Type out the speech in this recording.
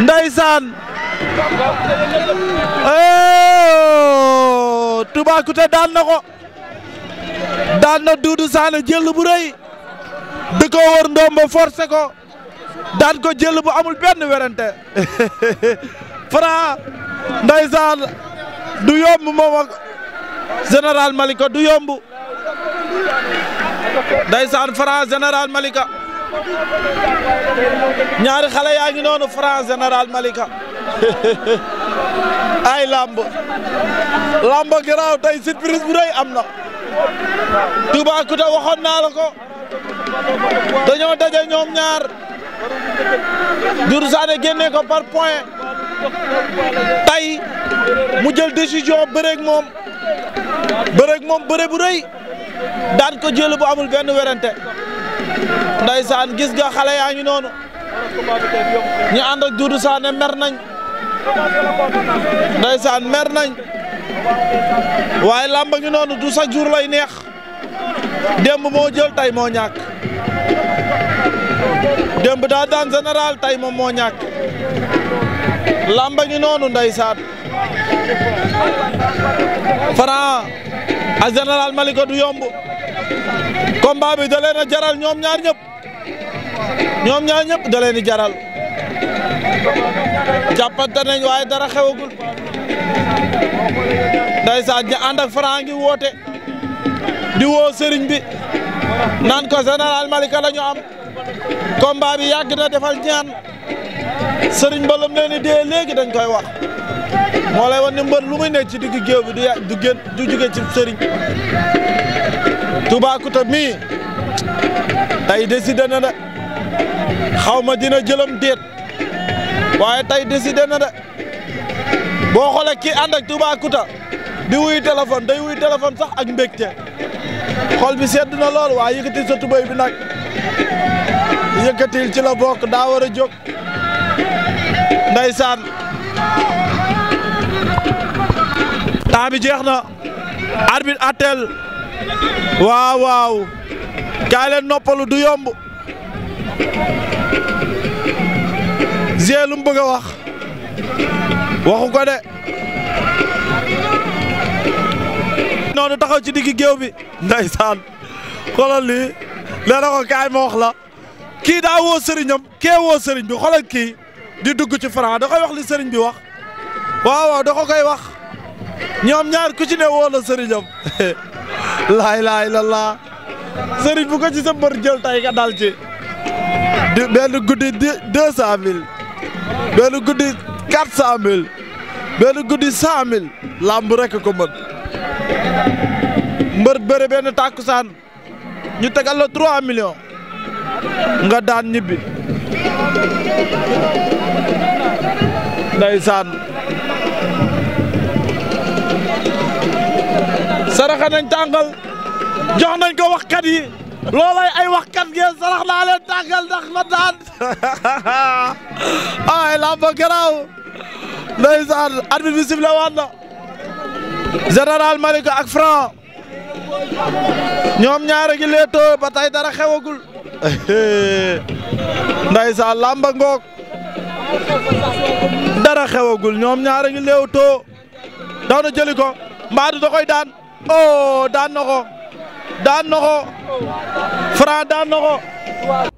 Ndeysaan oh Toubacouta daan na ko daan na Doudou Sané jël bu rëy di ko wër ndomba forcé ko daan ko jël bu amul benn werante Franc Ndeysaan du yomb moom ak général Malika du yomb Ndeysaan Franc général Malika. ñaari xale yaa ngi noonu France général Malika ay lamb lamb garaaw tey surprise bu am na Toubacouta waxoon naa la ko dañoo daje ñoom ñaar Doudou Sané génne ko par point tey mu jël décision bëreeg moom bëreeg moom bëre bu rëy daan ko jël bu amul benn werante ndaysaan gis nga xale yaa ngi noonu ñu ànd ak Doudou Sané mer nañ ndaysaan mer nañ waaye làmb ngi noonu du sa jur lay neex démb moo jël tay moo ñàkk démb daa daan général tay moom moo ñàkk làmba ngi noonu ndaysaan Franc ak général Malika du yomb combat bi da leen jaral ñoom ñaar ñëpp ñoom ñaar jaral jàppante nañ waaye dara xewagul ndeysaan ñi ànd ak Franc ngi woote di woo sëriñ bi naan ko général Malika la ñu am combat bi yàgg na defal ñaan sëriñ ba lam di dee léegi dañ koy wax moo lay wan ne mbër lu muy ne ci digg géew bi du du du jóge ci sëriñ Toubacouta mii tey décidé na de xaw dina jëlam déet waaye tey décidé na de boo xoolee kii ànd ak Toubacouta di wuy téléphone day wuy téléphone sax ak mbégte xol bi sedd na lool waaye yëkkatil sa tubéy bi nag yëkkatil ci la bokk daa war a jóg ndeysaan temps bi jeex na arbitre attel waaw waaw kaay noppalu du yomb Zia lu wax waxu ko de noonu taxaw ci digg géew bi ndeysaan xoolal lii lee na kaay ma wax la kii daa woo sëriñam kee woo sëriñ bi xoolal kii di dugg ci Franc da koy sëriñ bi wax waaw waaw da koy wax ñoom ñaar ku ci ne woo la sëriñam laa ilaaha illallah sëriñ bu ko ci sa mbër jël tay nga dal ci di benn guddi deux cent mille benn guddi quatre cent mille benn guddi cent mille làmb rek ko mën mbër bëre benn tàkkusaan ñu tegal la trois millions nga daan ñibbi ndeysaan saraxa nañ tàngal jox nañ ko waxkat yi loolay ay waxkat ngeen sarax naa leen tàngal ndax ma daan ay lamba garaaw ndeysaan arbitre bi sifflé na général Malika ak Franc ñoom ñaar gi leetoo ba tey dara xewagul ndeysaan lamba ngoog dara xewagul ñoom ñaar gi leewtoo daw na jëli ko mbaadu da koy daan oh daan na ko daan na ko Franc daan na ko